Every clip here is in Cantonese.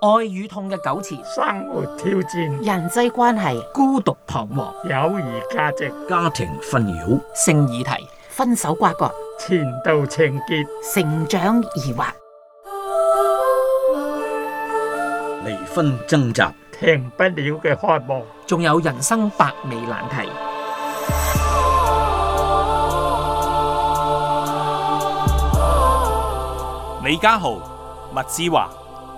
愛與痛嘅糾纏，生活挑戰，人際關係，孤獨彷徨，友誼價值，家庭紛擾，性議題，分手瓜葛，前度情結，成長疑惑，離婚掙扎，停不了嘅渴望，仲有人生百味難題。李嘉豪，麥志華。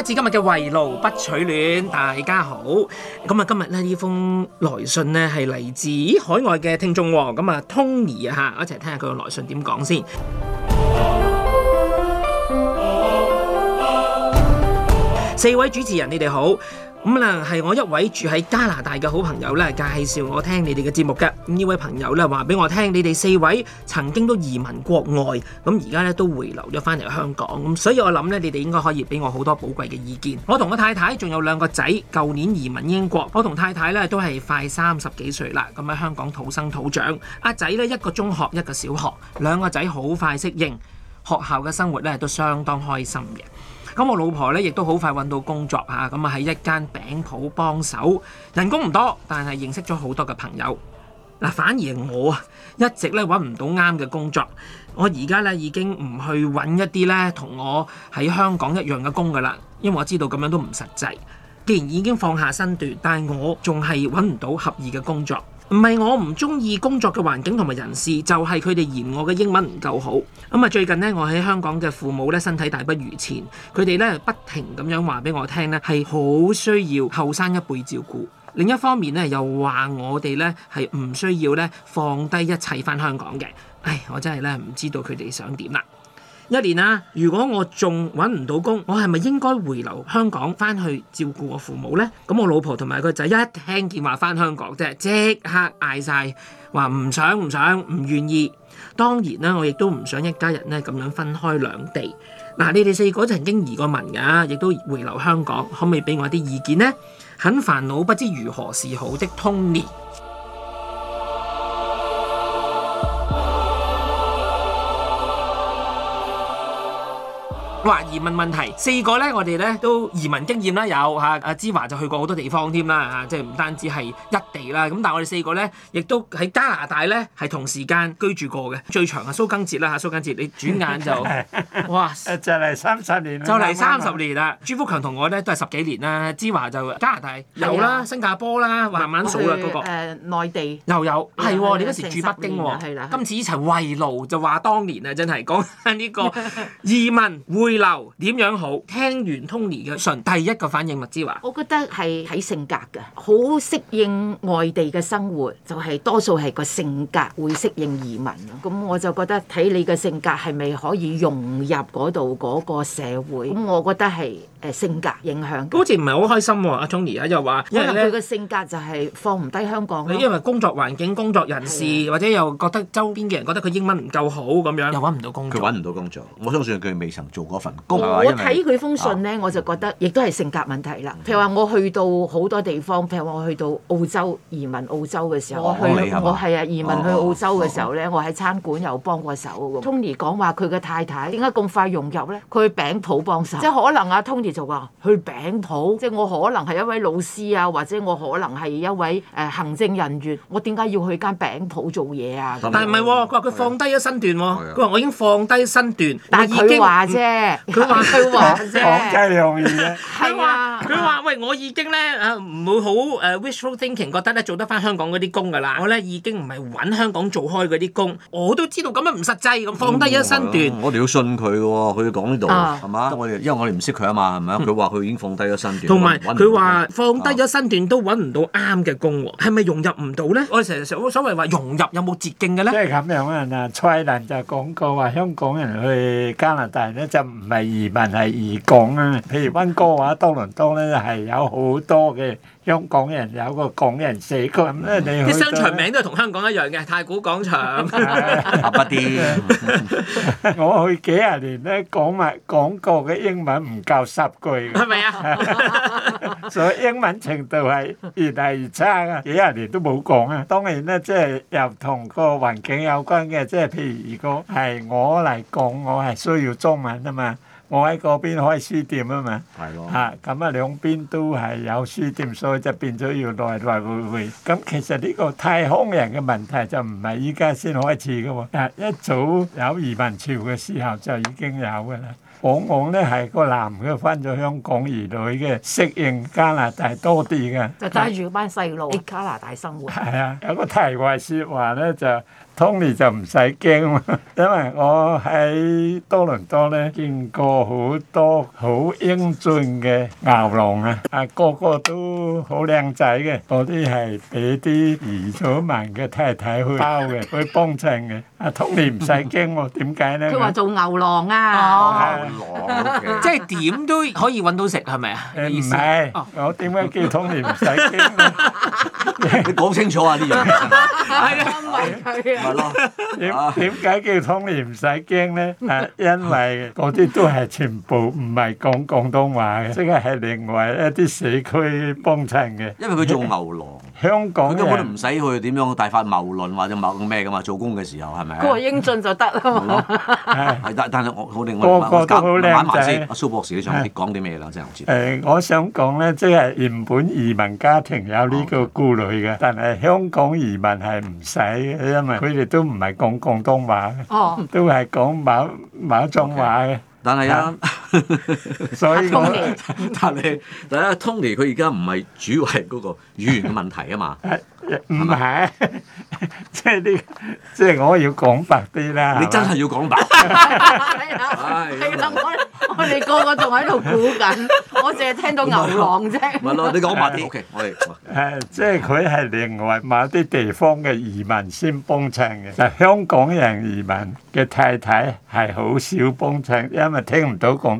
開始今日嘅圍爐不取暖，大家好。咁啊，今日咧呢封來信咧係嚟自海外嘅聽眾，咁啊，Tony 啊吓，一齊聽下佢個來信點講先。啊啊啊啊、四位主持人，你哋好。咁係，嗯，我一位住喺加拿大嘅好朋友咧，介紹我聽你哋嘅節目嘅。咁呢位朋友咧，話俾我聽，你哋四位曾經都移民國外，咁而家咧都回流咗翻嚟香港。咁所以我諗咧，你哋應該可以俾我好多寶貴嘅意見。我同我太太仲有兩個仔，舊年移民英國。我同太太咧都係快三十幾歲啦，咁喺香港土生土長。阿仔咧一個中學，一個小學，兩個仔好快適應學校嘅生活咧，都相當開心嘅。咁我老婆咧，亦都好快揾到工作吓。咁啊喺一間餅鋪幫手，人工唔多，但係認識咗好多嘅朋友。嗱，反而我啊，一直咧揾唔到啱嘅工作。我而家咧已經唔去揾一啲咧同我喺香港一樣嘅工噶啦，因為我知道咁樣都唔實際。既然已經放下身段，但係我仲係揾唔到合意嘅工作。唔係我唔中意工作嘅環境同埋人事，就係佢哋嫌我嘅英文唔夠好。咁啊，最近咧我喺香港嘅父母咧身體大不如前，佢哋咧不停咁樣話俾我聽咧係好需要後生一輩照顧。另一方面咧又話我哋咧係唔需要咧放低一切返香港嘅。唉，我真係咧唔知道佢哋想點啦。一年啦，如果我仲揾唔到工，我係咪應該回流香港翻去照顧我父母呢？咁我老婆同埋個仔一聽見話翻香港即係，即刻嗌晒話唔想唔想唔願意。當然啦，我亦都唔想一家人呢咁樣分開兩地。嗱，你哋四個曾經移過民噶，亦都回流香港，可唔可以俾我啲意見呢？「很煩惱，不知如何是好的，的 Tony。話移民問題，四個咧，我哋咧都移民經驗啦，有嚇，阿芝華就去過好多地方添啦嚇，即係唔單止係一地啦。咁但係我哋四個咧，亦都喺加拿大咧係同時間居住過嘅，最長啊蘇賡哲啦嚇，蘇賡哲你轉眼就哇，就嚟三十年啦，就嚟三十年啦。朱福強同我咧都係十幾年啦，芝華就加拿大有啦，新加坡啦，慢慢數啦，嗰個誒內地又有係喎，你嗰時住北京喎，今次一齊圍爐就話當年啊，真係講下呢個移民會。流點樣好？聽完 Tony 嘅信，第一個反應物之話，我覺得係睇性格嘅，好適應外地嘅生活，就係多數係個性格會適應移民咯。咁我就覺得睇你嘅性格係咪可以融入嗰度嗰個社會。咁我覺得係誒性格影響。好似唔係好開心喎，阿 Tony 啊，又話因為佢個性格就係放唔低香港。你因為工作環境、工作人士，或者又覺得周邊嘅人覺得佢英文唔夠好咁樣，又揾唔到工作，佢揾唔到工作。我相信佢未曾做過。嗯、我睇佢為封信咧，我就覺得亦都係性格問題啦。譬、嗯、如話，我去到好多地方，譬如我去到澳洲移民澳洲嘅時候，我去我係啊移民去澳洲嘅時候咧，哦哦、我喺餐館有幫過手。Tony 講話佢嘅太太點解咁快融入咧？佢去餅鋪幫手，即係可能阿 Tony 就話去餅鋪，即係我可能係一位老師啊，或者我可能係一位誒行政人員，我點解要去間餅鋪做嘢啊？但係唔係喎？佢話佢放低咗身段佢、哦、話我已經放低身段，已經但係佢話啫。佢話佢話啫，講劑兩字。係啊，佢話：喂，我已經咧啊，唔會好誒，wishful thinking，覺得咧做得翻香港嗰啲工噶啦。我咧已經唔係揾香港做開嗰啲工，我都知道咁樣唔實際，咁放低咗身段。我哋要信佢喎，佢講呢度係嘛？我哋因為我哋唔識佢啊嘛，係咪啊？佢話佢已經放低咗身段，同埋佢話放低咗身段都揾唔到啱嘅工，係咪融入唔到咧？我哋成日成我所謂話融入有冇捷徑嘅咧？即係咁樣啊！蔡瀾就講過話，香港人去加拿大人咧就～唔係移民，係移港啊！譬如温哥華、多倫多呢係有好多嘅。香港人有個港人社區，咩、嗯、你去啲商場名都係同香港一樣嘅太古廣場。 我去幾十年咧，講埋講過嘅英文唔夠十句。係咪啊？ 所以英文程度係越嚟越差啊！幾十年都冇講啊！當然咧，即、就、係、是、又同個環境有關嘅，即、就、係、是、譬如如果係我嚟講，我係需要中文啊嘛。我喺嗰邊開書店啊嘛，係囉，咁的啊兩邊都係有書店，所以就變咗要來來回回。咁、啊、其實呢個太空人嘅問題就唔係依家先開始嘅喎、啊，一早有移民潮嘅時候就已經有嘅啦。往往呢係個男嘅翻咗香港而，而女嘅適應加拿大多啲嘅。就帶住班細路喺加拿大生活。係啊，有個題外説話呢就。Tony 就唔使驚啊，因為我喺多倫多咧見過好多好英俊嘅牛郎啊，啊個個都好靚仔嘅，嗰啲係俾啲兒孫萬嘅太太去包嘅，去幫襯嘅。啊 Tony 唔使驚喎，點解咧？佢話做牛郎啊，牛郎，即係點都可以揾到食係咪啊？唔係，我點解叫 Tony 唔使驚？ 你講清楚啊！啲人係啊，唔係啊，係咯，點點解叫通年唔使驚咧？係因為嗰啲都係全部唔係講廣東話嘅， 即係係另外一啲社區幫襯嘅。因為佢做牛郎。 香港根本都唔使去點樣大發謬論或者某咩噶嘛，做工嘅時候係咪？個英俊就得啦嘛。係，但但係我我哋我哋講翻玩埋先。阿蘇博士，你想講啲咩啦？真係。誒，我想講咧，即係原本移民家庭有呢個顧慮嘅，但係香港移民係唔使嘅，因為佢哋都唔係講廣東話嘅，都係講馬馬中話嘅。但係啊。所以講，但係但係 Tony 佢而家唔係主要係嗰個語言問題啊嘛，唔係，即係呢，即係我要講白啲啦，你真係要講白，係啦，我我哋個個仲喺度估緊，我淨係聽到牛郎啫，唔係咯，你講白啲，O K，我嚟，誒，即係佢係另外某啲地方嘅移民先幫襯嘅，就香港人移民嘅太太係好少幫襯，因為聽唔到講。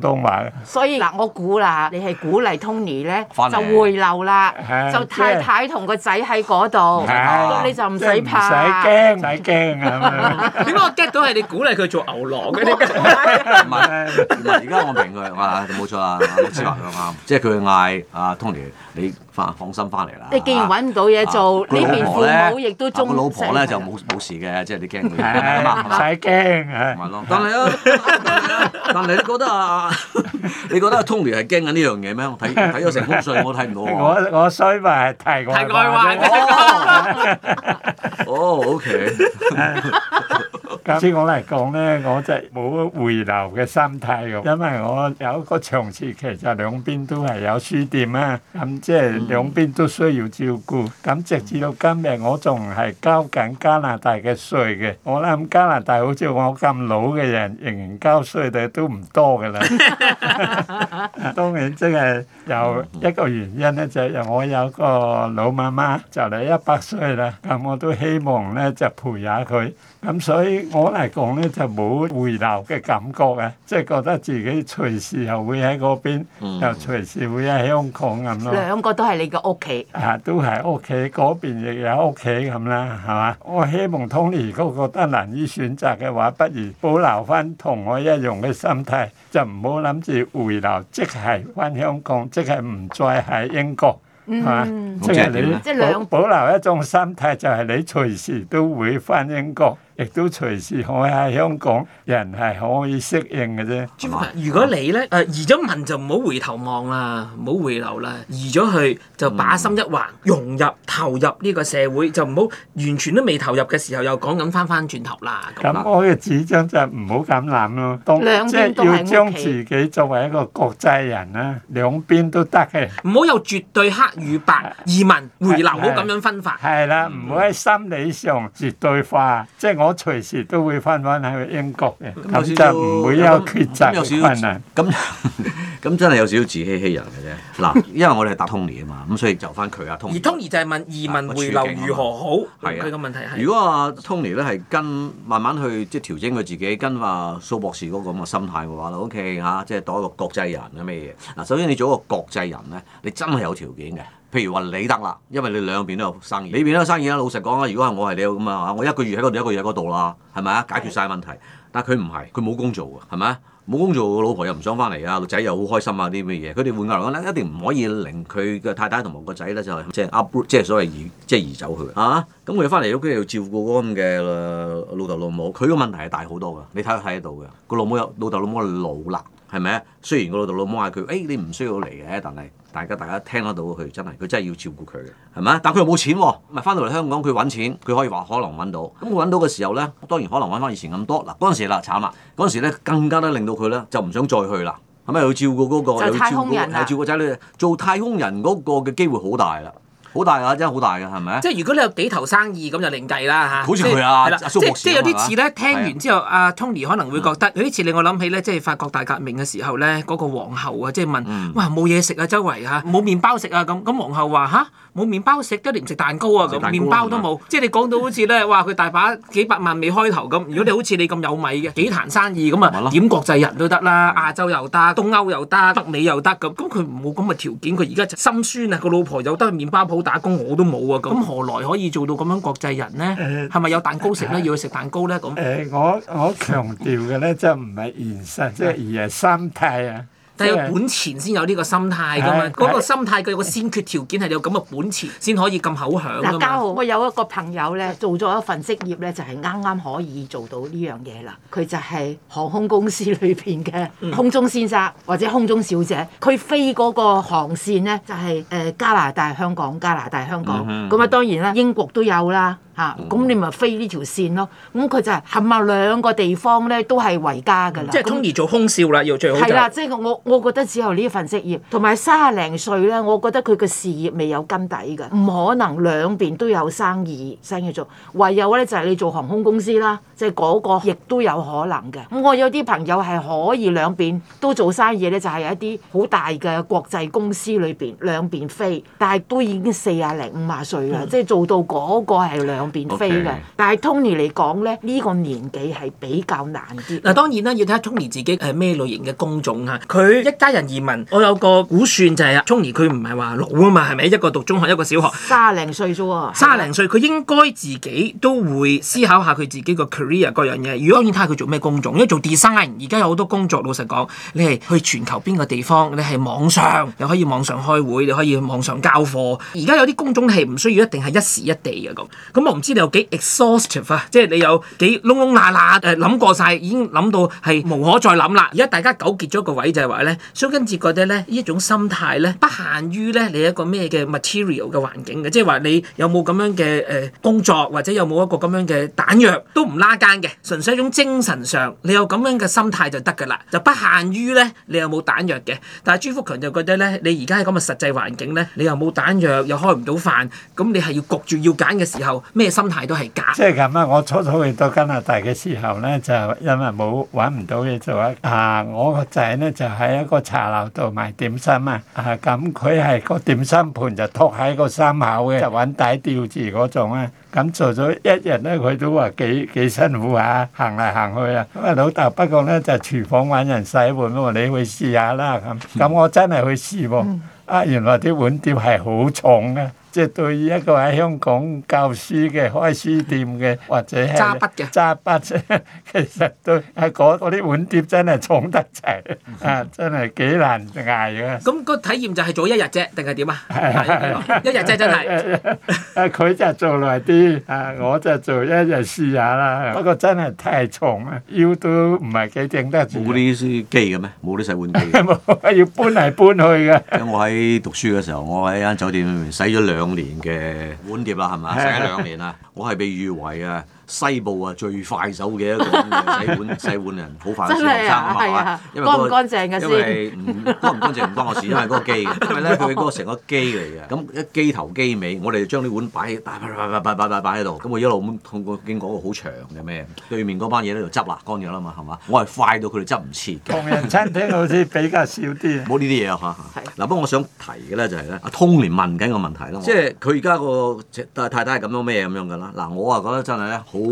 所以嗱，我估啦，你係鼓勵 Tony 咧就回流啦，就太太同個仔喺嗰度，你就唔使怕，唔使驚，唔使驚啊咁樣。點解我 get 到係你鼓勵佢做牛郎嘅？唔係咧，而家我明佢話冇錯啦，老師話佢啱，即係佢嗌阿 Tony，你放放心翻嚟啦。你既然揾唔到嘢做，呢邊父母亦都中意。老婆咧就冇冇事嘅，即係你驚佢。唔使驚，唔係咯。但係啊，但係你覺得啊？ 你覺得 Tony 係驚緊呢樣嘢咩？我睇睇咗成封信，我睇唔到。 我我衰咪係題外話。怪怪哦，OK。頭先、嗯、我嚟講咧，我就冇回流嘅心態嘅，因為我有一個長住，其實兩邊都係有書店啊，咁、嗯嗯、即係兩邊都需要照顧。咁、嗯嗯、直至到今日，我仲係交緊加拿大嘅稅嘅。我諗加拿大好似我咁老嘅人，仍然交稅嘅都唔多㗎啦。 當然即係有一個原因咧，就係、是、我有個老媽媽，就嚟一百歲啦，咁、嗯、我都希望咧就陪下佢。咁所以我嚟講呢，就冇回流嘅感覺嘅、啊，即、就、係、是、覺得自己隨時又會喺嗰邊，嗯、又隨時會喺香港咁咯、啊。兩個都係你嘅屋企。啊，都係屋企，嗰邊亦有屋企咁啦，係嘛？我希望 Tony 如果覺得難以選擇嘅話，不如保留翻同我一樣嘅心態，就唔好諗住回流，即係翻香港，即係唔再喺英國，係嘛？即係你即保，保留一種心態，就係、是、你隨時都會翻英國。亦都隨時可以喺香港，人係可以適應嘅啫。如果你咧，誒移咗民就唔好回頭望啦，唔好回流啦。移咗去就把心一橫，融入投入呢個社會，就唔好完全都未投入嘅時候又講緊返返轉頭啦。咁我嘅主張就係唔好咁諗咯，即係要將自己作為一個國際人啦，兩邊都得嘅。唔好有絕對黑與白，移民回流唔好咁樣分法。係啦，唔好喺心理上絕對化，即係我。我隨時都會翻返去英國嘅，就唔會有抉擇有,有,有少少咁咁真係有少有少自欺欺人嘅啫。嗱，因為我哋係答 Tony 啊嘛，咁所以就翻佢啊。Tony, 而 Tony 就係問移民回流如何好佢個問題係。如果啊 Tony 咧係跟慢慢去即係調整佢自己，跟阿、啊、蘇博士嗰個咁嘅心態嘅話咧，OK 嚇、啊，即係當一個國際人嘅咩嘢嗱。首先你做一個國際人咧，你真係有條件嘅。譬如話你得啦，因為你兩邊都有生意，你邊都有生意啦。老實講啦，如果係我係你咁啊，我一個月喺嗰度，一個月喺嗰度啦，係咪啊？解決晒問題。但佢唔係，佢冇工做㗎，係咪啊？冇工做，個老婆又唔想翻嚟啊，個仔又好開心啊啲咩嘢。佢哋換句嚟講咧，一定唔可以令佢嘅太太同埋個仔咧就係、是、即係阿即係所謂移即移，即移走佢啊。咁佢哋翻嚟屋企又照顧嗰咁嘅老豆老母，佢個問題係大好多㗎。你睇佢睇得到㗎，個老母有，老豆老母老啦。係咪啊？雖然個老豆老母嗌佢，誒、哎、你唔需要嚟嘅，但係大家大家聽得到佢真係，佢真係要照顧佢嘅，係咪啊？但佢又冇錢喎、哦，咪翻到嚟香港佢揾錢，佢可以話可能揾到，咁佢揾到嘅時候咧，當然可能揾翻以前咁多嗱。嗰陣時嗱慘啦，嗰陣時咧更加咧令到佢咧就唔想再去啦，係咪要照顧嗰、嗰個要、啊、照顧、嗰個，係照顧仔女做太空人嗰個嘅機會好大啦。好大㗎，真係好大嘅，係咪？即係如果你有幾頭生意咁就另計啦嚇。好似佢啊，阿蘇博士啊。即即有啲似咧，聽完之後，阿 Tony 可能會覺得，有啲似令我諗起咧，即係法國大革命嘅時候咧，嗰個皇后啊，即係問，哇冇嘢食啊，周圍啊冇麵包食啊咁。咁皇后話吓，冇麵包食，都你唔食蛋糕啊咁，麵包都冇。即係你講到好似咧，哇佢大把幾百萬未開頭咁。如果你好似你咁有米嘅幾壇生意咁啊，點國際人都得啦，亞洲又得，東歐又得，北美又得咁。咁佢唔冇咁嘅條件，佢而家就心酸啊。個老婆有得麵包鋪。打工我都冇啊，咁何來可以做到咁樣國際人咧？誒、欸，係咪有蛋糕食咧？欸、要去食蛋糕咧？咁誒、欸，我我強調嘅咧，即係唔係現實，即係而係心態啊。但係本錢先有呢個心態噶嘛，嗰、哎、個心態、哎、有個先決條件係有咁嘅本錢先可以咁口響噶嘛。嘉豪，我有一個朋友咧，做咗一份職業咧，就係啱啱可以做到呢樣嘢啦。佢就係航空公司裏邊嘅空中先生、嗯、或者空中小姐，佢飛嗰個航線咧就係、是、誒、呃、加拿大香港、加拿大香港，咁啊、嗯嗯、當然啦，英國都有啦。啊，咁你咪飛呢條線咯，咁、嗯、佢就係冚埋兩個地方咧，都係為家㗎啦。嗯、那即係通而做空少啦，要最好就係、是、啦。即係我我覺得只有呢份職業，同埋三廿零歲咧，我覺得佢嘅事業未有根底嘅，唔可能兩邊都有生意生意做。唯有咧就係、是、你做航空公司啦，即係嗰個亦都有可能嘅。咁我有啲朋友係可以兩邊都做生意咧，就係、是、一啲好大嘅國際公司裏邊兩邊飛，但係都已經四廿零五廿歲啦，即係、嗯、做到嗰個係兩。變飛嘅，Okay. 但係 Tony 嚟講咧，呢、呢個年紀係比較難啲。嗱，當然啦，要睇下 Tony 自己係咩類型嘅工種啊。佢一家人移民，我有個估算就係啊，Tony 佢唔係話老啊嘛，係咪？一個讀中學，一個小學，三零歲啫喎。卅零歲佢、啊、應該自己都會思考下佢自己個 career 各樣嘢。如果當然睇下佢做咩工種，因為做 design 而家有好多工作，老實講，你係去全球邊個地方，你係網上又可以網上開會，你可以網上交貨。而家有啲工種係唔需要一定係一時一地嘅咁。咁我。唔知你有幾 exhaustive 啊？即係你有幾窿窿罅罅誒諗過晒，已經諗到係無可再諗啦。而家大家糾結咗個位就係話呢，蘇根哲覺得呢，呢一種心態呢，不限於呢你一個咩嘅 material 嘅環境嘅，即係話你有冇咁樣嘅誒工作或者有冇一個咁樣嘅彈藥都唔拉更嘅，純粹一種精神上你有咁樣嘅心態就得㗎啦。就不限於呢，你有冇彈藥嘅，但係朱福強就覺得呢，你而家喺咁嘅實際環境呢，你又冇彈藥又開唔到飯，咁你係要焗住要揀嘅時候。咩心態都係假。即係咁啊！我初初去到加拿大嘅時候咧，就因為冇揾唔到嘢做啊！啊，我個仔咧就喺一個茶樓度賣點心啊！啊，咁佢係個點心盤就托喺個心口嘅，就揾底吊住嗰種啊！咁做咗一日咧，佢都話幾幾辛苦嚇、啊，行嚟行去啊！咁啊，老豆不過咧就廚房揾人洗碗，我話你去試下啦、啊、咁。咁我真係去試喎、啊，啊原來啲碗碟係好重啊！即係對一個喺香港教書嘅，開書店嘅或者揸筆嘅揸筆，其實都係嗰嗰啲碗碟真係重得滯啊！真係幾難捱嘅。咁個體驗就係做一日啫，定係點啊？一日啫，真係。啊，佢就做耐啲，啊，我就做一日試下啦。不過真係太重啊，腰都唔係幾頂得住。冇啲啲機嘅咩？冇啲洗碗機。冇，要搬嚟搬去嘅。我喺讀書嘅時候，我喺間酒店度洗咗兩兩年嘅碗碟啦，係咪啊？成咗兩年啦，我係被譽為啊。西部啊，最快手嘅一個洗碗洗 碗人學生，好快洗碗餐啊嘛，因為個因為唔乾唔乾淨唔關我事，因為嗰個機，因為咧佢嗰個成個機嚟嘅。咁一機頭機尾，我哋將啲碗擺擺擺擺擺擺擺喺度，咁我一路咁通過經過個好長嘅咩，對面嗰班嘢咧就執啦，乾咗啦嘛，係嘛？我係快到佢哋執唔切。同人餐廳好似比較少啲。冇呢啲嘢啊嗱，不、啊、過、啊啊啊、我想提嘅咧就係、是、咧，阿、啊啊、通年問緊個問題啦，即係佢而家個但太太係咁樣咩咁樣㗎啦。嗱、啊，我啊覺得真係咧。好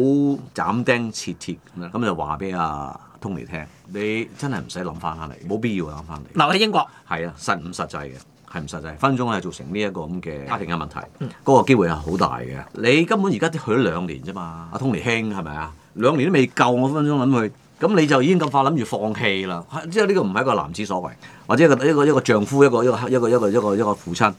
斬釘截鐵咁樣，咁就話俾阿通尼聽：你真係唔使諗翻翻嚟，冇必要諗翻嚟。留喺英國係啊，實唔實際嘅，係唔實際。分分鐘係造成呢一個咁嘅家庭嘅問題。嗰個機會係好大嘅。你根本而家都去咗兩年啫嘛，阿通尼兄，係咪啊？兩年都未夠，我分分鐘諗佢。咁你就已經咁快諗住放棄啦？即係呢個唔係一個男子所為，或者一個一個一個丈夫、一個一個一個一個一個一個父親，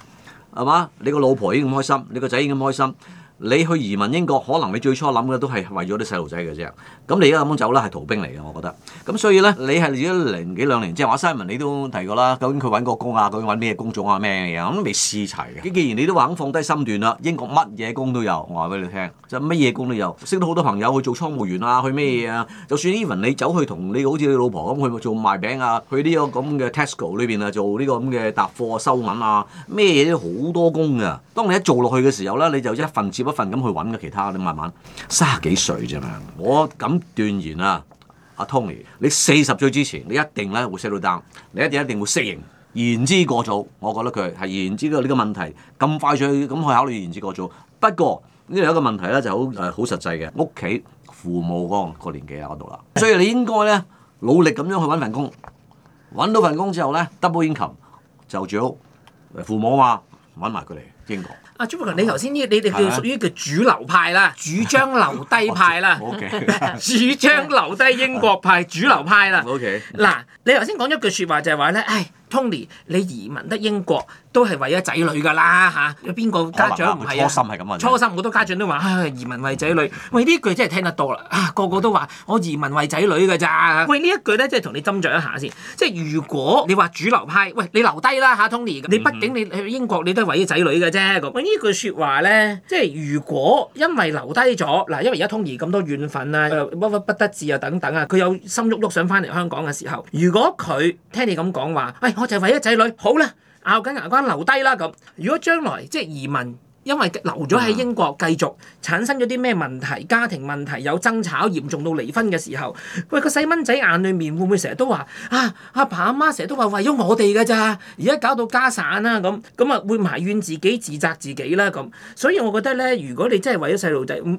係嘛？你個老婆已經咁開心，你個仔已經咁開心。你去移民英國，可能你最初諗嘅都係為咗啲細路仔嘅啫。咁你而家咁樣走啦，係逃兵嚟嘅，我覺得。咁所以咧，你係如果零幾兩年，即係話 Simon，你都提過啦。究竟佢揾個工啊，究竟揾咩工種啊，咩嘢咁都未試齊嘅。既既然你都話肯放低身段啦，英國乜嘢工都有，我話俾你聽，就乜嘢工都有。識到好多朋友去做倉務員啊，去咩嘢啊？就算 Even 你走去同你好似你老婆咁去做賣餅啊，去呢個咁嘅 Tesco 裏邊啊做呢個咁嘅搭貨收銀啊，咩嘢都好多工嘅。當你一做落去嘅時候咧，你就一份接一份咁去揾嘅其他，你慢慢三十幾歲啫嘛。一我敢斷言啊，阿 Tony，你四十歲之前，你一定咧會 settle 到 down，你一定一定會適應。言之過早，我覺得佢係言之過早，呢個問題咁快脆咁去考慮，言之過早。不過呢度有一個問題咧，就好誒好實際嘅屋企父母嗰個年紀啊嗰度啦。所以你應該咧努力咁樣去揾份工，揾到份工之後咧，double income 就住屋，父母啊嘛揾埋佢嚟英國。啊，朱你頭先呢？你哋叫屬於叫主流派啦， 主張留低派啦， 主張留低英國派，主流派啦。嗱，你頭先講咗句説話就係話咧，唉。Tony，你移民得英國都係為咗仔女㗎啦嚇，有、啊、邊個家長唔係啊？啊初心係咁初心好多家長都話，移民為仔女。喂、哎，呢句真係聽得多啦，啊，個個都話我移民為仔女㗎咋、啊？喂，呢一句咧，即係同你斟酌一下先。即係如果你話主流派，喂，你留低啦嚇，Tony，你畢竟你去英國你都係為咗仔女㗎啫。喂、那個，嗯嗯句呢句説話咧，即係如果因為留低咗，嗱，因為而家 Tony 咁多怨憤啊，屈屈不得志啊，等等啊，佢有心喐喐想翻嚟香港嘅時候，如果佢聽你咁講話，喂、哎。哎我就為咗仔女，好啦，咬緊牙關留低啦咁。如果將來即係、就是、移民。因為留咗喺英國，繼續產生咗啲咩問題？家庭問題有爭吵，嚴重到離婚嘅時候，喂，個細蚊仔眼裏面會唔會成日都話啊？阿爸阿媽成日都話為咗我哋㗎咋？而家搞到家散啦、啊、咁，咁啊會埋怨自己、自責自己啦咁。所以我覺得咧，如果你真係為咗細路仔，唔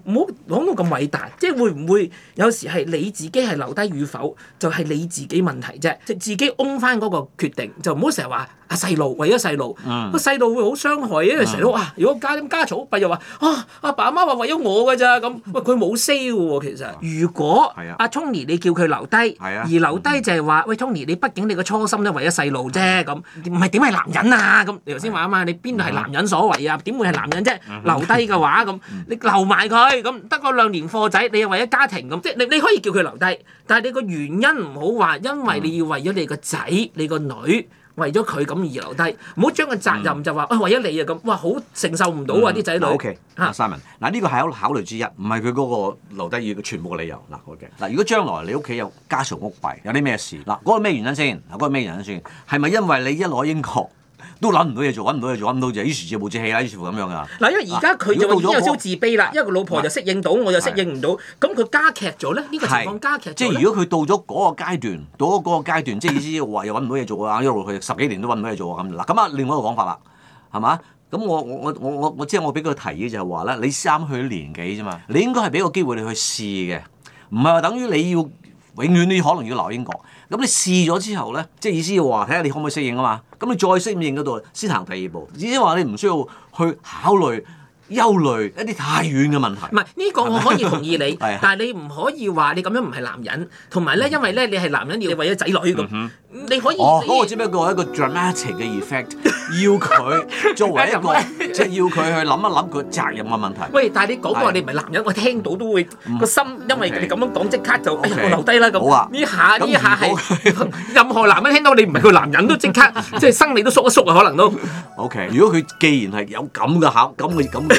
好講到咁偉大，即係會唔會有時係你自己係留低與否，就係、是、你自己問題啫，即係自己 own 翻嗰個決定，就唔好成日話阿細路為咗細路，個細路會好傷害因為嘅，成日都哇，如果家咁家草，佢又話：啊，阿爸阿媽話為咗我嘅咋咁？喂，佢冇 say 嘅喎。其實，如果阿、啊啊、Tony 你叫佢留低，的而留低就係話：嗯、哼喂，Tony，你畢竟你個初心咧，為咗細路啫。咁唔係點係男人啊？咁你頭先話啊嘛，你邊度係男人所為啊？點、嗯、哼會係男人啫？嗯、哼留低嘅話咁、嗯哼，你留埋佢咁，得個兩年貨仔，你又為咗家庭咁，即係你你可以叫佢留低，但係你個原因唔好話，因為你要為咗你個仔，你個女。為咗佢咁而留低，唔好將個責任、嗯、就話，啊、哎，為咗你啊咁，哇，好承受唔到啊！啲仔女。O K，哈，Simon，嗱呢、啊、個係考考慮之一，唔係佢嗰個留低要嘅全部嘅理由。嗱，OK。嗱，如果將來你屋企有家嘈屋閉，有啲咩事，嗱，嗰個咩原因先？嗱，嗰個咩原因先？係咪因為你一攞英國？都揾唔到嘢做，揾唔到嘢做，揾唔到就於是就冇志氣啦，於是咁樣啊。嗱，因為而家佢就已經有少少自卑啦，那個、因為個老婆就適應到，是我就適應唔到，咁佢是加劇咗咧呢、呢個情況，加劇。即係如果佢到咗嗰個階段，到咗嗰個階段，即係意思話又揾唔到嘢做啊， 一路去十幾年都揾唔到嘢做啊，咁嗱，咁啊，另外一個講法啦，係嘛？咁我我我我、就是、我即係我俾個提議就係話咧，你啱啱去年幾啫嘛，你應該係俾個機會你去試嘅，唔係話等於你要永遠你可能要留英國。咁你試咗之後咧，即係意思話睇下你可唔可以適應啊嘛。咁你再適應嗰度，先行第二步。只係話你唔需要去考慮，憂慮一啲太遠嘅問題。唔係呢個我可以同意你，但係你唔可以話你咁樣唔係男人。同埋咧，因為咧你係男人，要為咗仔女咁，你可以。哦，只不過係一個 dramatic 嘅 effect，要佢作為一個，即係要佢去諗一諗佢責任嘅問題。喂，但係你講過你唔係男人，我聽到都會個心，因為你咁樣講，即刻就哎呀，我留低啦咁。好啊。呢下呢下係任何男人聽到你唔係個男人都即刻即係生理都縮一縮啊，可能都。O K，如果佢既然係有咁嘅考，咁嘅咁嘅。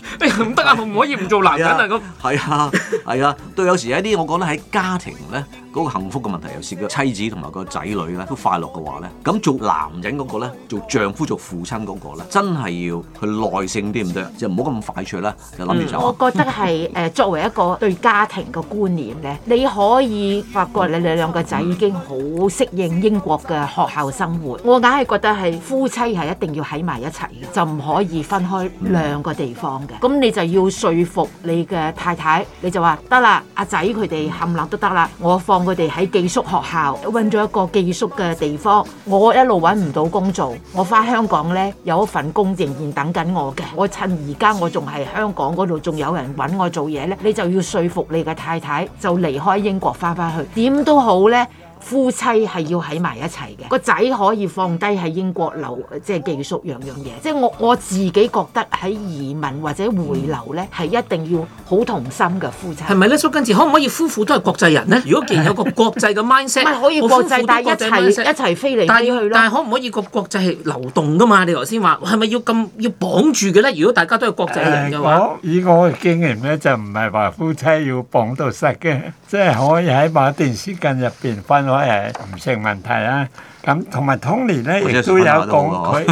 唔得 啊！唔、啊、可以唔做男人啊！咁係啊係啊，對，有時一啲我講得喺家庭咧。嗰個幸福嘅問題，尤其是妻子同埋個仔女咧，都快樂嘅話咧，咁做男人嗰個咧，做丈夫、做父親嗰個咧，真係要佢耐性啲唔得，就唔好咁快脆啦。就諗住走，我覺得係誒、呃、作為一個對家庭嘅觀念咧，你可以發覺你哋兩個仔已經好適應英國嘅學校生活。我硬係覺得係夫妻係一定要喺埋一齊嘅，就唔可以分開兩個地方嘅。咁、嗯、你就要説服你嘅太太，你就話得啦，阿仔佢哋冚唪唥都得啦，我放。我哋喺寄宿學校揾咗一個寄宿嘅地方，我一路揾唔到工做，我翻香港咧，有一份工仍然等緊我嘅，我趁而家我仲係香港嗰度仲有人揾我做嘢咧，你就要說服你嘅太太就離開英國翻返去，點都好咧。夫妻係要喺埋一齊嘅，個仔可以放低喺英國留，即係寄宿樣樣嘢。即係我我自己覺得喺移民或者回流咧，係一定要好同心嘅夫妻。係咪咧？蘇根治，可唔可以夫婦都係國際人咧？ 如果既然有個國際嘅 mindset，唔 可以我 國際，國際 set, 但係一齊一齊飛嚟飛去咯。但係可唔可以個國際係流動噶嘛？你頭先話係咪要咁要綁住嘅咧？如果大家都係國際人嘅話，呃，以我經驗咧就唔係話夫妻要綁到實嘅，即係可以喺某一段時間入邊分。個唔成問題啦，咁同埋 Tony 咧，亦我也 都有講佢，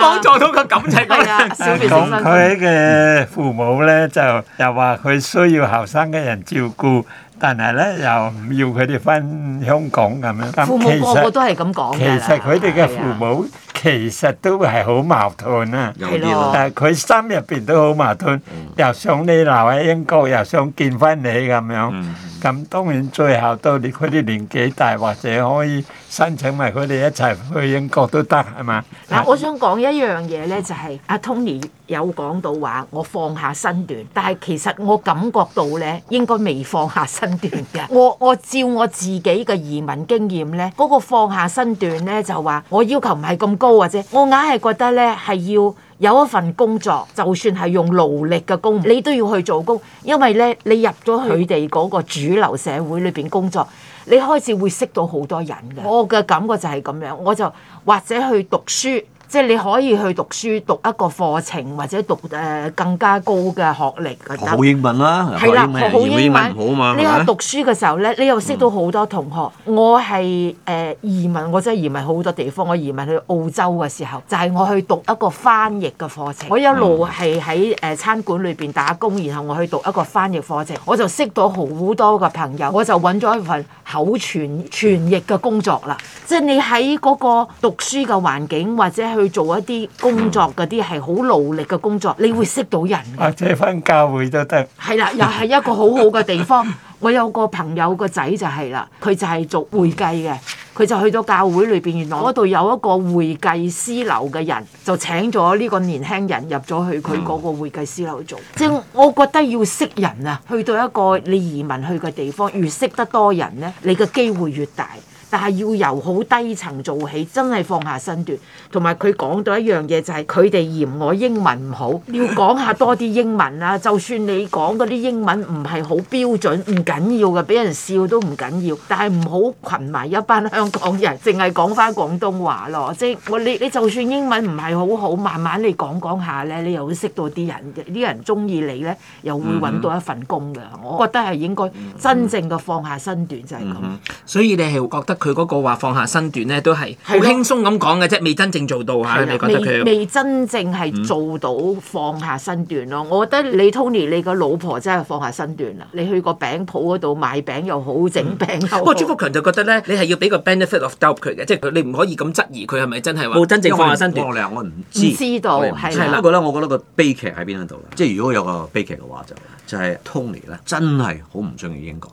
幫助到個感情啦。佢嘅、 啊、父母咧，就又話佢需要後生嘅人照顧。但係咧，又唔要佢哋翻香港咁樣。父母個個都係咁講。其實佢哋嘅父母其實都係好矛盾啊。係咯的。但係佢心入邊都好矛盾，的又想你留喺英國，又想見翻你咁樣。咁、嗯、當然最後到你佢哋年紀大，或者可以申請埋佢哋一齊去英國都得，係嘛？嗱，我想講一樣嘢咧，就係、是、阿、嗯、Tony 有講到話，我放下身段，但係其實我感覺到咧，應該未放下身段。我我照我自己嘅移民經驗咧，嗰個放下身段咧，就話我要求唔係咁高或者，我硬係覺得咧係要有一份工作，就算係用勞力嘅工作，你都要去做工，因為咧你入咗佢哋嗰個主流社會裏邊工作，你開始會識到好多人嘅。我嘅感覺就係咁樣，我就或者去讀書。即係你可以去讀書讀一個課程，或者讀誒、呃、更加高嘅學歷。學好英文啦、啊，係啦的，學好英文好啊嘛。呢個讀書嘅時候咧，你又識到好多同學，嗯、我係誒、呃、移民，我真係移民好多地方。我移民去澳洲嘅時候，就係、是、我去讀一個翻譯嘅課程。嗯、我一路係喺誒餐館裏邊打工，然後我去讀一個翻譯課程，我就識到好多嘅朋友，我就揾咗一份口傳傳譯嘅工作啦。即係你喺嗰個讀書嘅環境，或者去。去做一啲工作，嗰啲係好努力嘅工作，你會識到人。啊，或者翻教會都得。係啦，又係一個好好嘅地方。我有個朋友個仔就係啦，佢就係做會計嘅，佢就去到教會裏邊，原來嗰度有一個會計師樓嘅人，就請咗呢個年輕人入咗去佢嗰個會計師樓做。即係 我覺得要識人啊，去到一個你移民去嘅地方，越識得多人咧，你嘅機會越大。但係要由好低層做起，真係放下身段。同埋佢講到一樣嘢，就係佢哋嫌我英文唔好，要講下多啲英文啊。就算你講嗰啲英文唔係好標準，唔緊要嘅，俾人笑都唔緊要。但係唔好群埋一班香港人，淨係講翻廣東話咯。即係你你就算英文唔係好好，慢慢你講講下咧，你又會識到啲人嘅，啲人中意你咧，又會揾到一份工㗎。嗯嗯，我覺得係應該真正嘅放下身段就係咁、嗯嗯嗯。所以你係會覺得？佢嗰個話放下身段咧，都係好輕鬆咁講嘅啫，未真正做到嚇。你覺得佢未真正係做到放下身段咯？我覺得你 Tony 你個老婆真係放下身段啦。你去個餅鋪嗰度買餅又好，整餅又好。不過朱福強就覺得咧，你係要俾個 benefit of doubt 佢嘅，即係你唔可以咁質疑佢係咪真係話冇真正放下身段。我唔知道，係啦。不過咧，我覺得個悲劇喺邊度啦？即係如果有個悲劇嘅話，就就係 Tony 咧，真係好唔中意英國。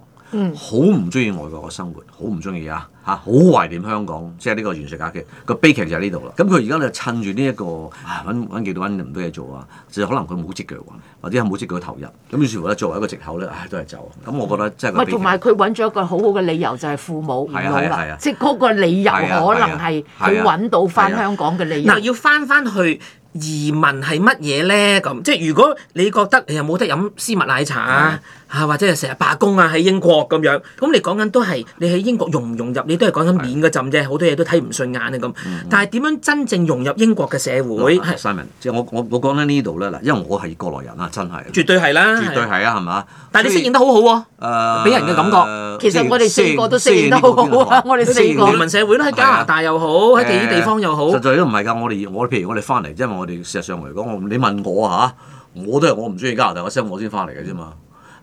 好唔中意外國嘅生活，好唔中意啊！嚇，好懷念香港，即係呢個原汁家嘅個悲劇就係呢度啦。咁佢而家咧，趁住呢一個揾揾幾多揾唔多嘢做啊，就可能佢冇積極或者冇積極嘅投入。咁於是乎咧，作為一個藉口咧，唉，都係走。咁我覺得即係同埋佢揾咗一個好好嘅理由，就係父母唔好啦。即係嗰個理由可能係佢揾到翻香港嘅理由。嗱，要翻翻去移民係乜嘢咧？咁即係如果你覺得你又冇得飲絲襪奶茶啊？嚇，或者係成日罷工啊！喺英國咁樣，咁你講緊都係你喺英國融唔融入，你都係講緊面嗰陣啫。好多嘢都睇唔順眼啊！咁，但係點樣真正融入英國嘅社會？Simon，即係我我我講咧呢度咧嗱，因為我係過來人啦，真係絕對係啦，絕對係啊，係嘛？但係你適應得好好喎，誒，俾人嘅感覺。其實我哋四個都適應得好好啊！我哋四個移民社會啦，喺加拿大又好，喺地他其他地方又好，實在都唔係㗎。我哋我譬如我哋翻嚟，因為我哋事實上嚟講，你問我嚇，我都係我唔中意加拿大嘅聲，我先翻嚟嘅啫嘛。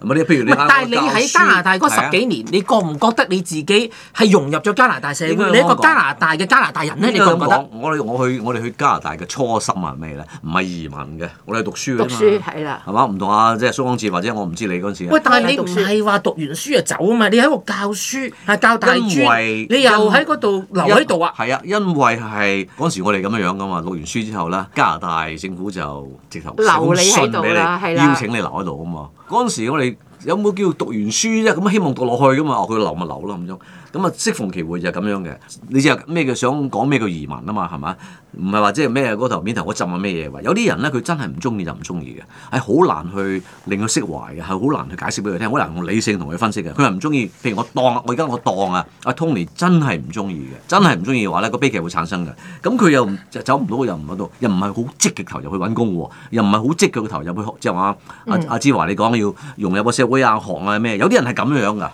咁啊！譬如你喺加拿大嗰十幾年，啊、你覺唔覺得你自己係融入咗加拿大社會？你一個加拿大嘅加拿大人咧？你覺唔覺得？我哋我去我哋去加拿大嘅初心係乜咧？唔係移民嘅，我哋讀書啊嘛。讀書係啦。係嘛、啊？唔同啊！即係蘇光志或者我唔知你嗰陣時。喂，但係你唔係話讀完書就走啊嘛？你喺度教書，係教大專，你又喺嗰度留喺度啊？係啊，因為係嗰陣時我哋咁樣樣噶嘛。讀完書之後咧，加拿大政府就直頭手信俾你，你啊、邀請你留喺度啊嘛。嗰陣時，我哋。有冇叫讀完書啫？咁希望讀落去噶嘛？學、哦、佢留咪留咯咁樣。咁啊適逢其會就係咁樣嘅。你知係咩叫想講咩叫移民啊嘛？係嘛？唔係話即係咩嗰頭面頭我浸啊咩嘢位？有啲人咧佢真係唔中意就唔中意嘅，係好難去令佢釋懷嘅，係好難去解釋俾佢聽，好難用理性同佢分析嘅。佢係唔中意，譬如我當我而家我當啊阿 Tony 真係唔中意嘅，真係唔中意嘅話咧、個悲劇會產生嘅。咁佢又走唔到又唔喺度，又唔係好積極投入去揾工喎，又唔係好積極嘅投入去即係話阿阿志華你講要融入會啊，學啊，咩？Mm. 有啲人係咁樣噶，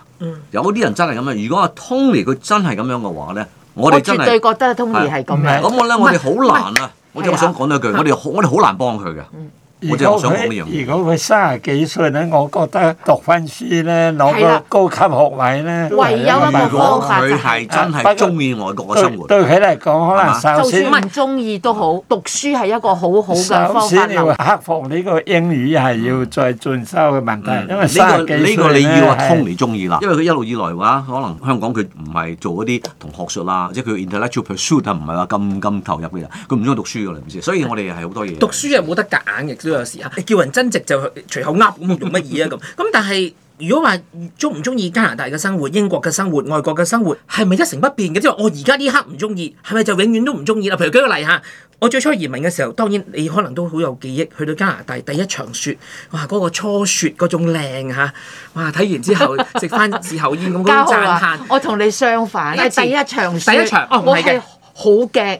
有啲人真係咁樣。如果阿 Tony 佢真係咁樣嘅話咧，我我絕對覺得阿 Tony 係咁樣。咁我咧，我哋好難啊！我真係想講一句，我哋好，我哋好難幫佢嘅。 如果佢如果佢卅幾歲咧，我覺得讀翻書咧，攞個高級學位咧，唯有一個方法啫。如果佢係真係中意外國嘅生活，對佢嚟講，可能首先就算唔中意都好，讀書係一個好好嘅方法。首先要克服呢個英語係要再進修嘅問題。因為卅幾歲咧，係啊，呢個你要阿 Tony 中意啦。因為佢一路以來話，可能香港佢唔係做嗰啲同學術啊，即係佢 intellectual pursuit 啊，唔係話咁咁投入嘅啦。佢唔中意讀書㗎啦，唔知。所以我哋係好多嘢讀書係冇得夾硬嘅。都有事啊！叫人增值就隨口噏咁，嗯，用乜嘢啊？咁咁，但係如果話中唔中意加拿大嘅生活，英國嘅生活，外國嘅生活，係咪一成不變嘅？即係我而家呢刻唔中意，係咪就永遠都唔中意啊？譬如舉個例嚇，我最初移民嘅時候，當然你可能都好有記憶，去到加拿大第一場雪，哇！嗰、嗰個初雪嗰種靚嚇，哇！睇完之後食翻紙口煙咁，嗰種讚歎。我同你相反，第一場，第一場，我係好驚。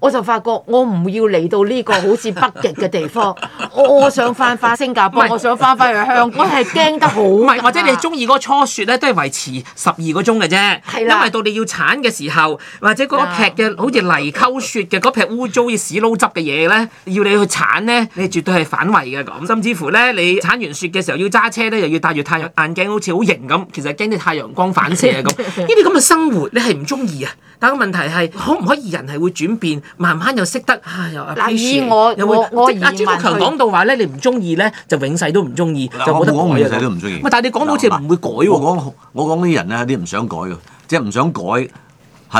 我就發覺我唔要嚟到呢個好似北極嘅地方， 我我想翻翻新加坡，是我想翻翻去香港，係驚 得好，唔係或者你中意嗰初雪咧，都係維持十二個鐘嘅啫。的因為到你要鏟嘅時候，或者嗰一撇嘅好似泥溝雪嘅嗰撇污糟嘅屎撈汁嘅嘢咧，要你去鏟咧，你絕對係反胃嘅咁。甚至乎咧，你鏟完雪嘅時候要揸車咧，又要戴住太陽眼鏡，好似好型咁。其實驚啲太陽光反射咁。呢啲咁嘅生活你係唔中意啊！但個問題係可唔可以人係會轉變？慢慢又識得，唉又黐線，有冇我？阿朱福強講到話咧，你唔中意咧，就永世都唔中意，就冇得。我一世都唔中意。但係你講到好似唔會改喎。我講，我講啲人咧，啲唔想改嘅，即係唔想改，係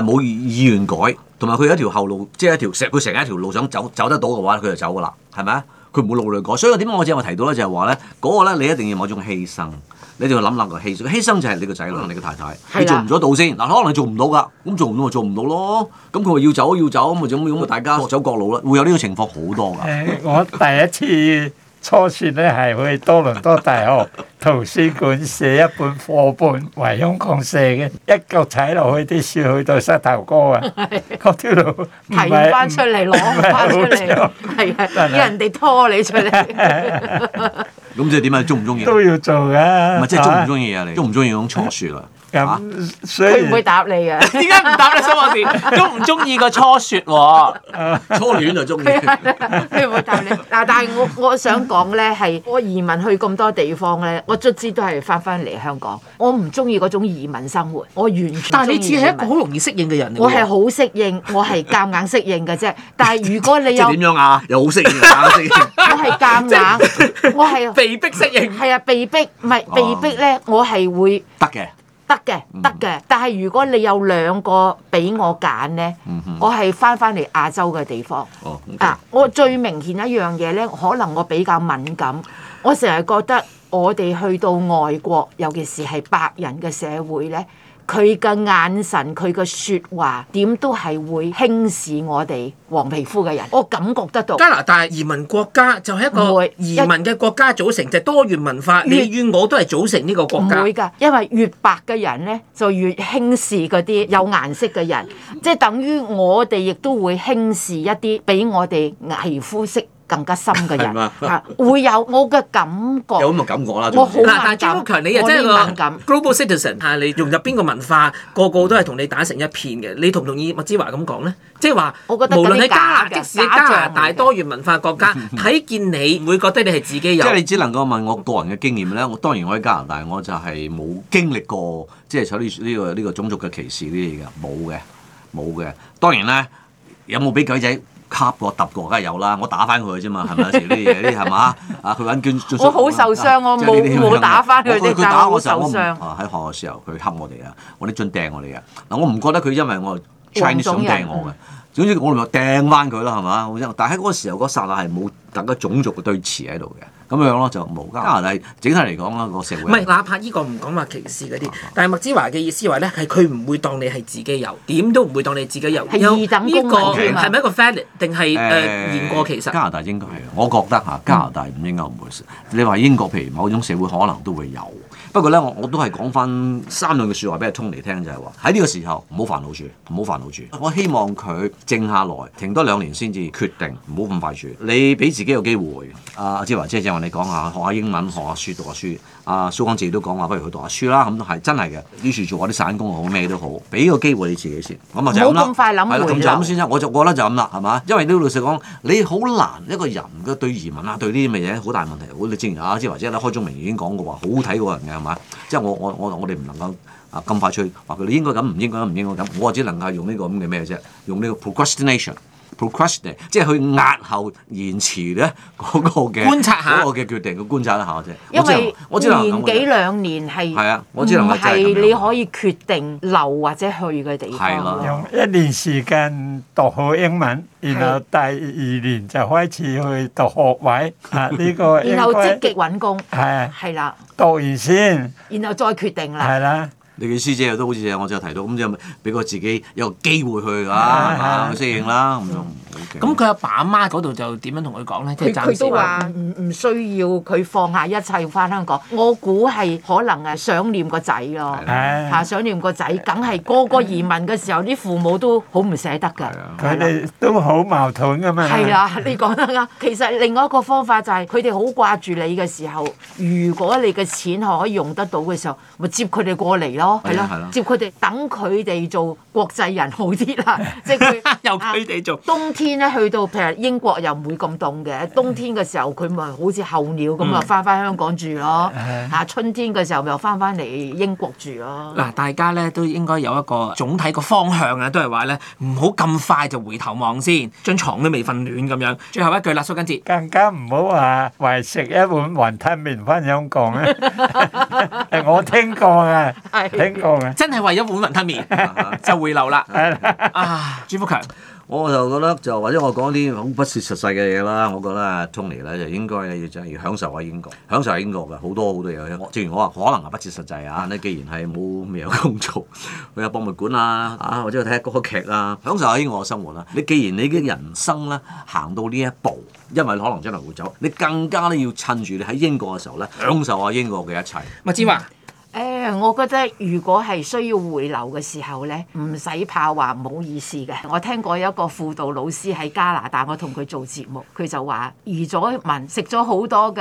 冇意願改，同埋佢有一條後路，即係一條成，佢成日一條路想走，走得到嘅話，佢就走㗎啦，係咪啊？佢唔會勞累過，所以點解我之前咪提到咧，就係話咧嗰個咧，你一定要某種犧牲，你就要諗諗個犧牲。犧牲就係你個仔女，你個太太，的你做唔做到先嗱，可能你做唔到㗎，咁做唔到咪做唔到咯，咁佢話要走要走，咁咪咁咪大家各走各路啦，會有呢個情況好多㗎、嗯。我第一次。 初時呢係去多倫多大學圖書館寫一本課本，唯恐共寫嘅一腳踩落去啲樹去到膝頭哥啊！我跳到提翻出嚟，攞翻出嚟，要人哋拖你出嚟。咁即係點啊？中唔中意都要做㗎。唔係即係中唔中意啊？你中唔中意嗰種錯樹 佢唔、嗯、以會答你嘅，點解唔答你想話事？中唔中意個初雪喎？ 初戀就中意。佢唔會答你。嗱，但係我我想講咧，係我移民去咁多地方咧，我卒之都係翻翻嚟香港。我唔中意嗰種移民生活，我完全。但係你似係一個好容易適應嘅人嚟。 我係好適應，我係夾硬，硬適應嘅啫。但係如果你又……就點 樣啊？又好適應，我係夾硬，我係被逼適應。係啊，被逼唔係被逼咧，我係會得嘅。得嘅，得嘅。但係如果你有兩個俾我揀呢，我係翻翻嚟亞洲嘅地方。啊，我最明顯一樣嘢呢，可能我比較敏感。我成日覺得我哋去到外國，尤其是係白人嘅社會呢。佢嘅眼神，佢嘅説話，點都係會輕視我哋黃皮膚嘅人，我感覺得到。加拿大移民國家，就係一個移民嘅國家組成，就係多元文化，越你與我都係組成呢個國家。唔會㗎，因為越白嘅人咧，就越輕視嗰啲有顏色嘅人，即係等於我哋亦都會輕視一啲比我哋皮膚色更加深嘅人，會有我嘅感覺。有咁嘅感覺啦，我好難講。Global citizen，啊，你融入邊個文化，個個都係同你打成一片嘅。你同唔同意麥芝華咁講咧？即係話，無論喺加拿大，即使喺加拿大多元文化國家，睇見你會覺得你係自己人。即係你只能夠問我個人嘅經驗咧。我當然我喺加拿大，我就係冇經歷過，即係採呢呢個呢個種族嘅歧視呢啲嘢嘅，冇嘅，冇嘅。當然咧，有冇俾狗仔？磕過揼過梗係有啦，我打翻佢啫嘛，係咪啊？呢啲嘢，呢啲係嘛？啊，佢揾磚，我好受傷，我冇冇打翻佢啫，但我受傷。喺學嘅時候，佢恰我哋啊，我啲樽掟我哋啊。嗱，我唔覺得佢因為我 Chinese 想掟我嘅。總之我咪掟翻佢咯，係嘛？但係喺嗰個時候嗰剎那係、個、冇大家種族對峙喺度嘅，咁樣咯就冇。加拿大整體嚟講啦，個社會唔係哪怕呢個唔講話歧視嗰啲，怕但係麥之華嘅意思話咧係佢唔會當你係自己有，點都唔會當你自己有。係二等公民啊？係咪、這個、嗎一個 family 定係誒言過其實？加拿大應該係，我覺得嚇加拿大唔應該唔會。嗯、你話英國譬如某種社會可能都會有。不過咧，我我都係講翻三兩句説話俾 Tony 嚟聽，就係話喺呢個時候唔好煩惱住，唔好煩惱住。我希望佢靜下來，停多兩年先至決定，唔好咁快住。你俾自己個機會，阿阿志華，即係志華，你講下，學下英文，學下書，讀下書。啊，蘇剛自己都講話，不如去讀下書啦。咁都係真係嘅。於是做下啲散工好，咩都好，俾個機會你自己先。咁啊就咁啦，係啦，咁就咁先啦。我就覺得就咁啦，係嘛？因為呢個老實講，你好難一個人嘅對移民啊，對呢啲乜嘢好大問題。我哋之前啊，之華姐咧開宗明已經講過話，好睇個人嘅係嘛？即係我我我我哋唔能夠啊咁快出去，話佢應該咁，唔應該咁，唔應該咁。我只能夠用呢個咁嘅咩啫，用呢個 procrastination。procrastinate 即係佢壓後延遲咧嗰個嘅觀察下，嗰個嘅決定，佢觀察一下啫。下因為我知年幾兩年係唔係你可以決定留或者去嘅地方？用一年時間讀好英文，然後第二年就開始去讀學位。係啊，呢個然後積極揾工係係啦，啊啊、讀完先，然後再決定啦。係啦、啊。你嘅師姐都好似我就提到咁就俾個自己有個機會去啊，係嘛適應啦，咁佢阿爸阿媽嗰度就點樣同佢講咧？佢都話唔唔需要佢放下一切翻香港。我估係可能誒想念個仔咯，嚇，想念個仔，梗係個個移民嘅時候啲父母都好唔捨得㗎。佢哋都好矛盾㗎嘛。係啊，你講得啱。其實另外一個方法就係佢哋好掛住你嘅時候，如果你嘅錢可以用得到嘅時候，咪接佢哋過嚟咯。係咯，接佢哋等佢哋做國際人好啲啦，即係 由佢哋們做。冬天咧去到譬如英國又唔會咁凍嘅，冬天嘅時候佢咪好似候鳥咁啊，翻翻香港住咯。嚇、嗯，春天嘅時候咪又翻翻嚟英國住咯。嗱， 大家咧都應該有一個總體個方向啊，都係話咧唔好咁快就回頭望先，張床都未瞓暖咁樣。最後一句啦，蘇根節更加唔好話為食一碗雲吞麪翻香港咧。 我聽過嘅。 真係為咗碗雲吞麵， 就回流啦！ 啊，朱福 強，我就覺得就或者我講啲好不切實際嘅嘢啦。我覺得啊，Tony 咧就應該要真係享受下英國，享受下英國嘅好多好多嘢。我，如我、啊、既然我話可能係不切實際啊，但既然係冇未有工作，去有博物館啦啊，或者去睇下歌劇啦、啊，享受下英國嘅生活啦。你既然你嘅人生咧行到呢一步，因為可能將來會走，你更加咧要趁住你喺英國嘅時候咧，享受下英國嘅一切。麥志華。誒、欸，我覺得如果係需要回流嘅時候咧，唔使怕話唔好意思嘅。我聽過有一個輔導老師喺加拿大，我同佢做節目，佢就話：移咗民食咗好多嘅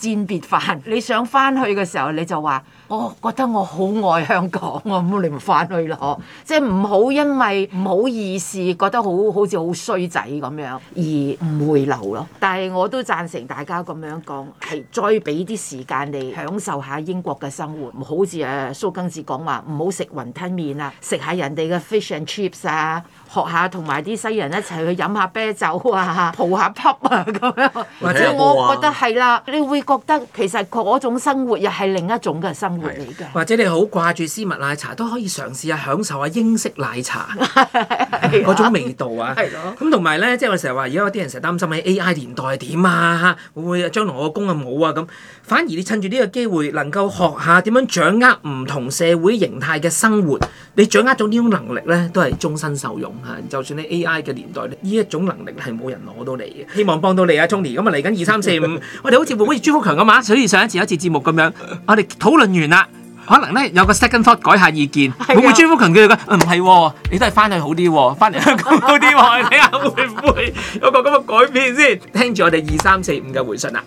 餞別飯，你想翻去嘅時候，你就話：我、哦、覺得我好愛香港啊！咁你咪翻去咯，即係唔好因為唔好意思，覺得好好似好衰仔咁樣而唔回流咯。但係我都贊成大家咁樣講，係再俾啲時間你享受下英國嘅生活。好似誒、蘇更子講話，唔好食雲吞麵啊，食下人哋嘅 fish and chips 啊。學下同埋啲西人一齊去飲下啤酒啊，蒲下 club 啊咁樣。或者我覺得係啦，你會覺得其實嗰種生活又係另一種嘅生活嚟㗎。或者你好掛住絲襪奶茶，都可以嘗試下享受下英式奶茶嗰 的種味道啊。咁同埋咧，即係、就是、我成日話，而家有啲人成日擔心喺 AI 年代點啊，會唔會將來我嘅工咁好啊咁？反而你趁住呢個機會，能夠學下點樣掌握唔同社會形態嘅生活，你掌握到呢種能力咧，都係終身受用。啊！就算喺 AI 嘅年代咧，呢一種能力係冇人攞到嚟嘅。希望幫到你啊，Tony。咁啊，嚟緊二三四五，我哋好似會好似朱福強咁啊？好似上一次有一次節目咁樣，我哋討論完啦，可能咧有個 second thought 改下意見，會唔會朱福強叫佢講？唔係，你都係翻去好啲，翻嚟好啲。睇下會唔會有個咁嘅改變先？聽住我哋二三四五嘅回信啊！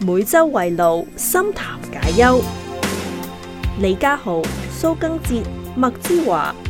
每週圍爐，深談解憂，李家豪、蘇根哲、麥之華。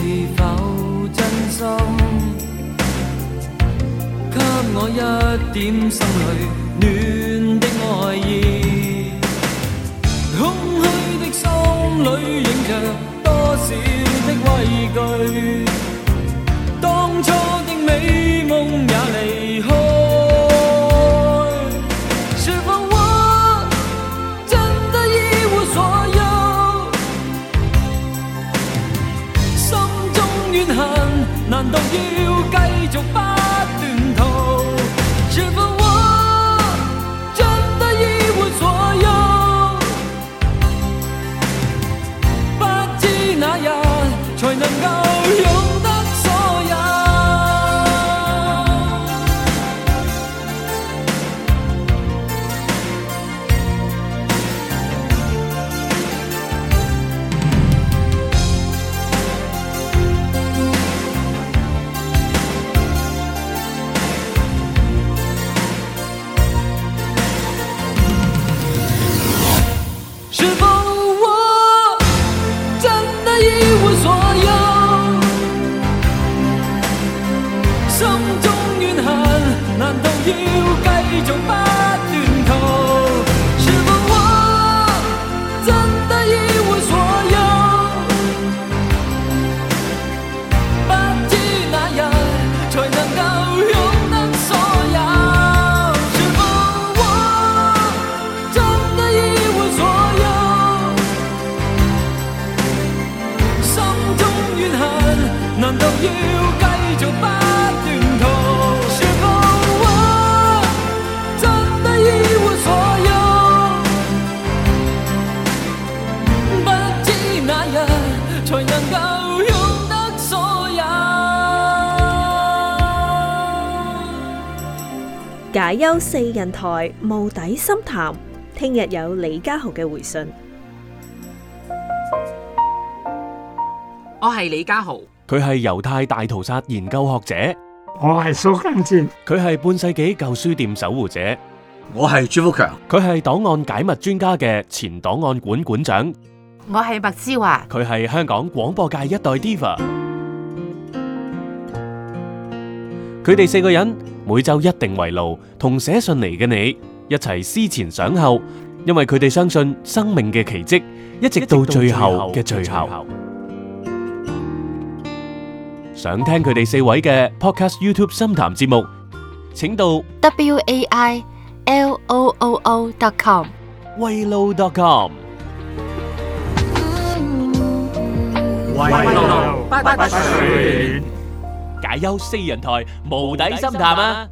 是否真心？給我一點心裏暖的愛意。空虛的心裏映着多少的畏懼，當初的美夢也離去。解憂四人台，無底深談。聽日有李家豪嘅回信。我係李家豪，佢係猶太大屠殺研究學者。我係蘇賡哲，佢係半世紀舊書店守護者。我係朱福強，佢係檔案解密專家嘅前檔案館館長。我係麥之華，佢係香港廣播界一代 Diva。佢哋四個人，每周一定圍爐同寫信嚟嘅你一齊思前想後，因為佢哋相信生命嘅奇蹟，一直到最後嘅最後。想聽佢哋四位嘅 Podcast YouTube 深談節目，請到 wailoo.com。圍爐 .com。圍爐不選。解憂四人台，無底深潭。啊！